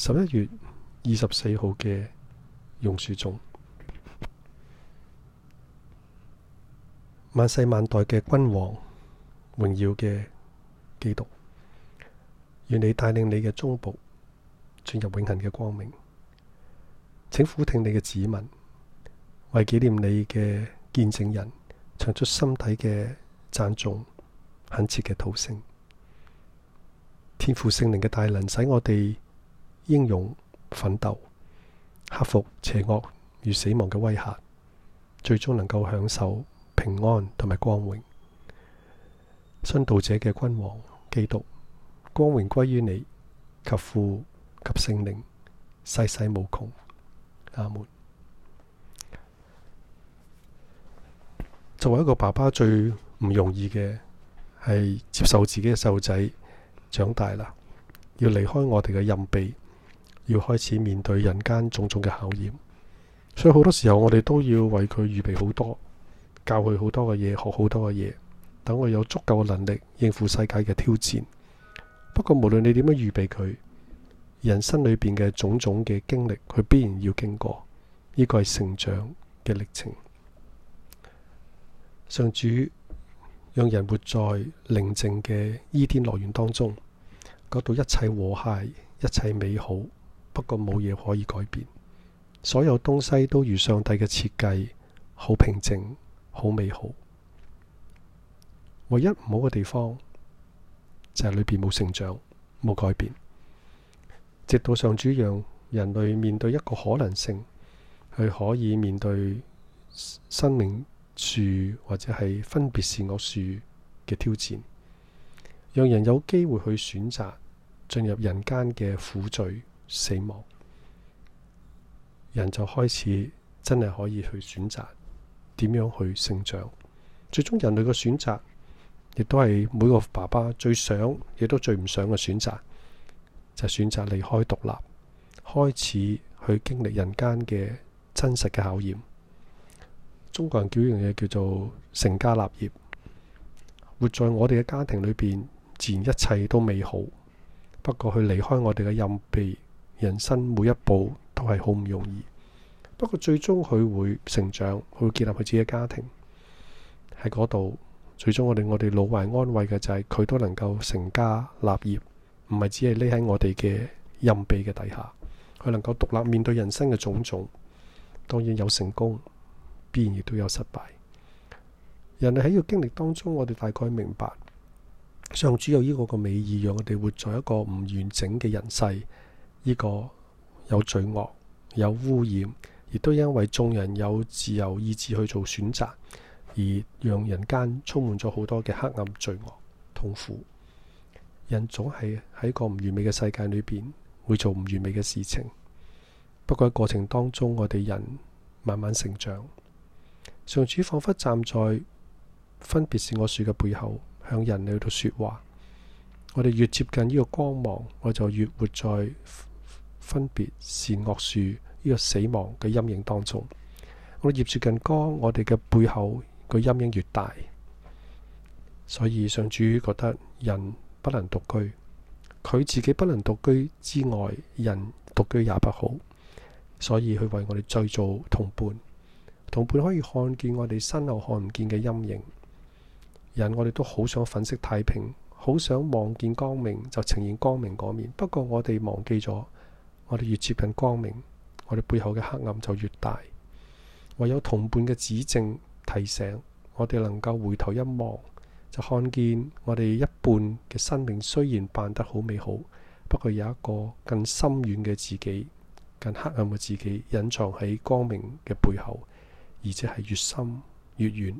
十一月二十四號嘅榕樹中，萬世萬代嘅君王，榮耀嘅基督，願你帶領你嘅忠僕進入永恆嘅光明，請俯聽你嘅子民，為紀念你嘅見證人，唱出心底嘅讚頌，懇切嘅討聲，天父聖靈嘅大能，使我哋，英勇奮鬥，克服邪惡與死亡嘅威嚇，最終能夠享受平安同埋光榮。宣道者嘅君王基督，光榮歸於你及父及聖靈，世世無窮。阿門。作為一個爸爸，最唔容易嘅係接受自己嘅細路仔長大啦，要離開我哋嘅任臂。要開始面對人間種種嘅考驗，所以好多時候我哋都要為佢預備好多，教佢好多嘅嘢，學好多嘅嘢，等佢有足夠嘅能力應付世界嘅挑戰。不過，無論你點樣預備佢，人生裏邊嘅種種嘅經歷，佢必然要經過。呢個係成長嘅歷程。上主讓人活在寧靜嘅伊甸樂園當中，感到一切和諧，一切美好。不過冇嘢可以改變，所有東西都如上帝嘅設計，好平靜，好美好。唯一唔好嘅地方就係、是、裏邊冇成長，冇改變，直到上主讓人類面對一個可能性，去可以面對生命樹或者係分別善惡樹嘅挑戰，讓人有機會去選擇進入人間嘅苦罪。死亡，人就開始真係可以去選擇點樣去成長。最終，人類嘅選擇亦都係每個爸爸最想，亦都最唔想嘅選擇，就是、選擇離開獨立，開始去經歷人間嘅真實嘅考驗。中國人叫樣嘢叫做成家立業，活在我哋嘅家庭裏邊，自然一切都美好。不過，佢離開我哋嘅蔭庇。人生每一步都係好唔容易，不過最終佢會成長，佢會建立佢自己嘅家庭喺嗰度。最終我哋我哋老懷安慰嘅就係佢都能夠成家立業，唔係只係匿喺我哋嘅蔭庇嘅底下。佢能夠獨立面對人生嘅種種，當然有成功，必然亦都有失敗。人哋喺呢個經歷當中，我哋大概明白上主有呢、呢個、呢個美意，讓我哋活在一個唔完整嘅人世。呢個有罪惡、有污染，亦都因為眾人有自由意志去做選擇，而讓人間充滿咗好多嘅黑暗、罪惡、痛苦。人總係喺個唔完美嘅世界裏邊會做唔完美嘅事情，不過喺過程當中，我哋人慢慢成長。上主彷彿站在分別是我樹嘅背後，向人類度說話。我哋越接近呢個光芒，我就越活在。分別善惡樹呢個死亡嘅陰影當中我，我哋越接近光，我哋嘅背後個陰影越大。所以上主覺得人不能獨居，佢自己不能獨居之外，人獨居也不好，所以佢為我哋再造同伴。同伴可以看見我哋身後看唔見嘅陰影。人我哋都好想粉飾太平，好想望見光明就呈現光明嗰面，不過我哋忘記咗。我哋越接近光明，我哋背後嘅黑暗就越大。唯有同伴嘅指正提醒，我哋能夠回頭一望，就看見我哋一半嘅生命雖然扮得好美好，不過有一個更深遠嘅自己、更黑暗嘅自己隱藏喺光明嘅背後，而且係越深越遠。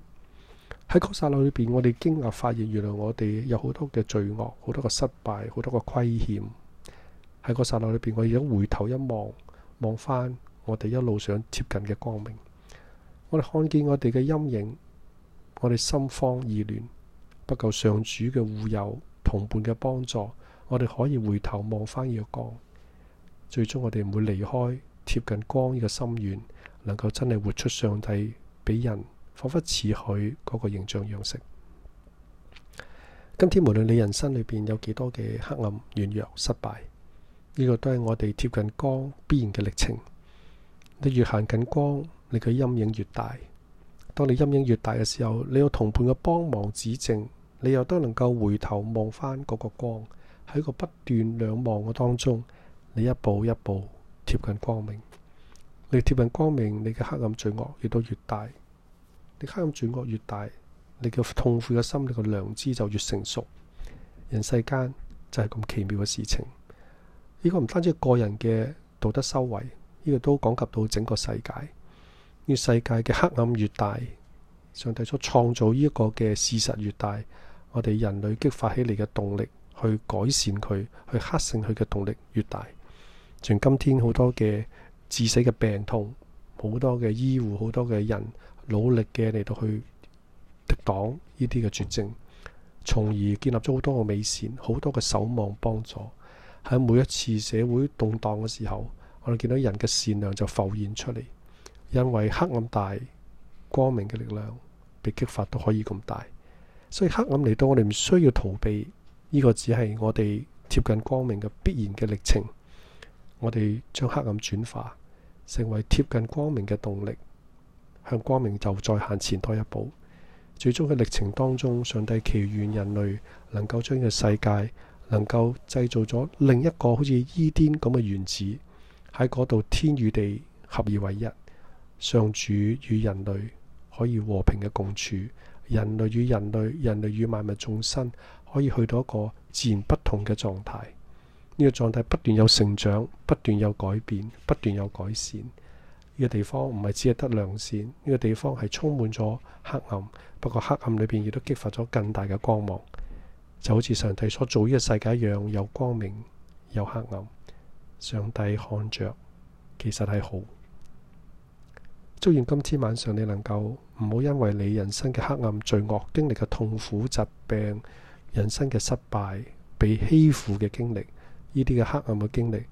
喺割殺路裏邊，我哋驚訝發現，原來我哋有好多嘅罪惡，好多嘅失敗，好多嘅虧欠。喺個剎那裏邊，我而家回頭一望，望返我哋一路上貼近嘅光明。我哋看見我哋嘅陰影，我哋心慌意亂，不夠上主嘅護佑、同伴嘅幫助。我哋可以回頭望返呢個光，最終我哋唔會離開貼近光呢個心願，能夠真係活出上帝俾人，仿佛似佢嗰個形象樣式。今天無論你人生裏邊有幾多嘅黑暗、軟弱、失敗。呢個都係我哋貼近光必然嘅歷程。你越行近光，你嘅陰影越大。當你陰影越大嘅時候，你有同伴嘅幫忙指正，你又都能夠回頭望返嗰個光。喺個不斷兩望嘅當中，你一步一步貼近光明。你貼近光明，你嘅黑暗罪惡亦都越大。你黑暗罪惡越大，你嘅痛苦嘅心理嘅良知就越成熟。人世間就係咁奇妙嘅事情。呢個唔單止個人嘅道德修為，呢個都講及到整個世界。呢個世界嘅黑暗越大，上帝所創造呢一個嘅事實越大，我哋人類激發起嚟嘅動力去改善佢、去克勝佢嘅動力越大。像今天好多嘅致死嘅病痛，好多嘅醫護，好多嘅人努力嘅嚟到去抵擋呢啲嘅絕症，從而建立咗好多嘅美善，好多嘅守望幫助。喺每一次社會動盪嘅時候，我哋見到人嘅善良就浮現出嚟，因為黑暗大，光明嘅力量被激發都可以咁大，所以黑暗嚟到我哋唔需要逃避。呢個只係我哋貼近光明嘅必然嘅歷程。我哋將黑暗轉化成為貼近光明嘅動力，向光明就再行前多一步。最終嘅歷程當中，上帝祈願人類能夠將嘅世界。能夠製造咗另一個好似伊甸咁嘅園子喺嗰度，天與地合而為一，上主與人類可以和平嘅共處，人類與人類、人類與萬物眾生可以去到一個自然不同嘅狀態。呢、這個狀態不斷有成長，不斷有改變，不斷有改善。呢、這個地方唔係只係得良善，呢、這個地方係充滿咗黑暗。不過黑暗裏邊亦都激發咗更大嘅光芒。就好似上帝所做呢個世界一樣，有光明，有黑暗。上帝看着，其實係好。祝願今天晚上你能夠唔好因為你人生嘅黑暗、罪惡、經歷嘅痛苦、疾病、人生嘅失敗、被欺負嘅經歷，呢啲嘅黑暗嘅經歷，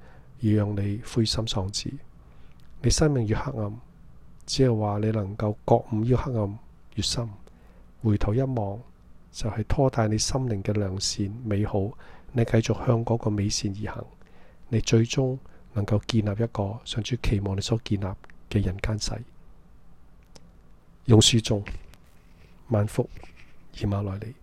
而讓你灰心喪志。你生命越黑暗，只係話你能夠覺悟，呢個黑暗越深，回頭一望，就係拖帶你心靈嘅良善美好，你繼續向嗰個美善而行，你最終能夠建立一個上主期望你所建立嘅人間世。用樹中萬福以馬內利。